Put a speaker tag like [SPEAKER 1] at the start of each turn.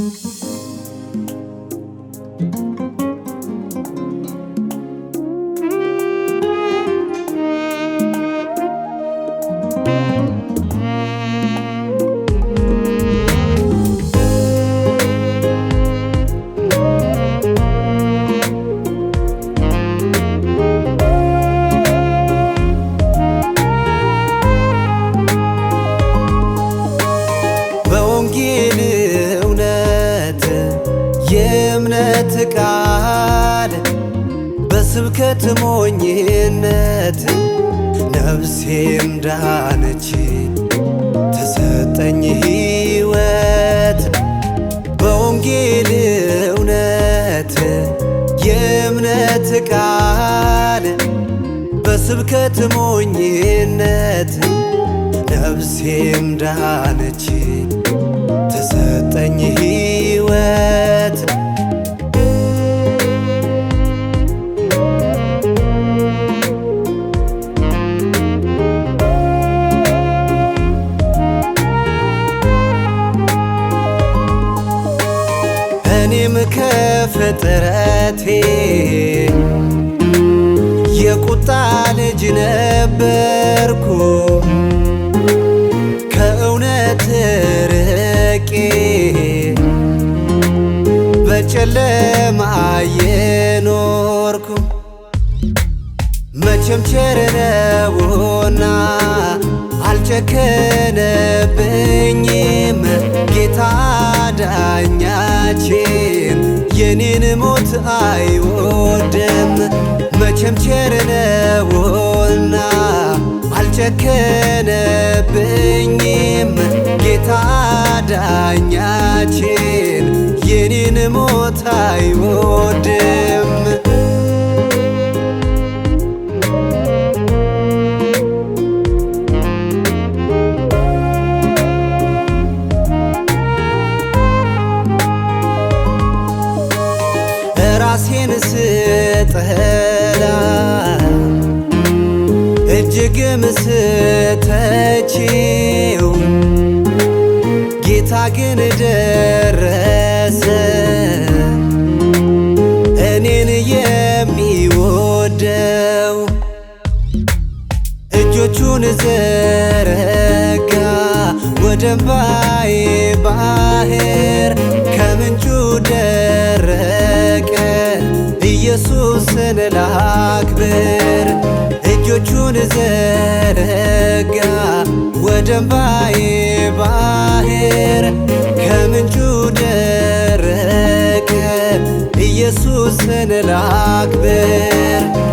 [SPEAKER 1] Thank you. የእምነት ቃል በስብከት ሞኝነት ነፍሴ ዳነች ተሰጠኝ ሕይወት በወንጌል እውነት የእምነት ቃል በስብከት ሞኝነት ነፍሴ ዳነች ተሰጠኝ ሕይወት ከፍጥረቴ የቁጣ ልጅ ነበርኩ ከእውነት ርቄ በጨለማ የኖርኩ መቼም ቸር ነውና አልጨከነብኝም ጌታ ዳኛቼ የኔን ሞት አይወድም መቼም ቸርነውና አልጨከነብኝም ጌታ ዳኛችን የኔን ሞት አይወድም ራሴን ስጠላ እጅግም ስተችው ጌታ ግን ደረሰ እኔን የሚወደው እጆቹን ዘረጋ ወደ እምባዬ ባህር ከምንጩ ደ ኢየሱስን ላክብር እጆቹን ዘረጋ ወደ እምባዬ ባሕር ከምንጩ ደረቀ ኢየሱስን ላክብር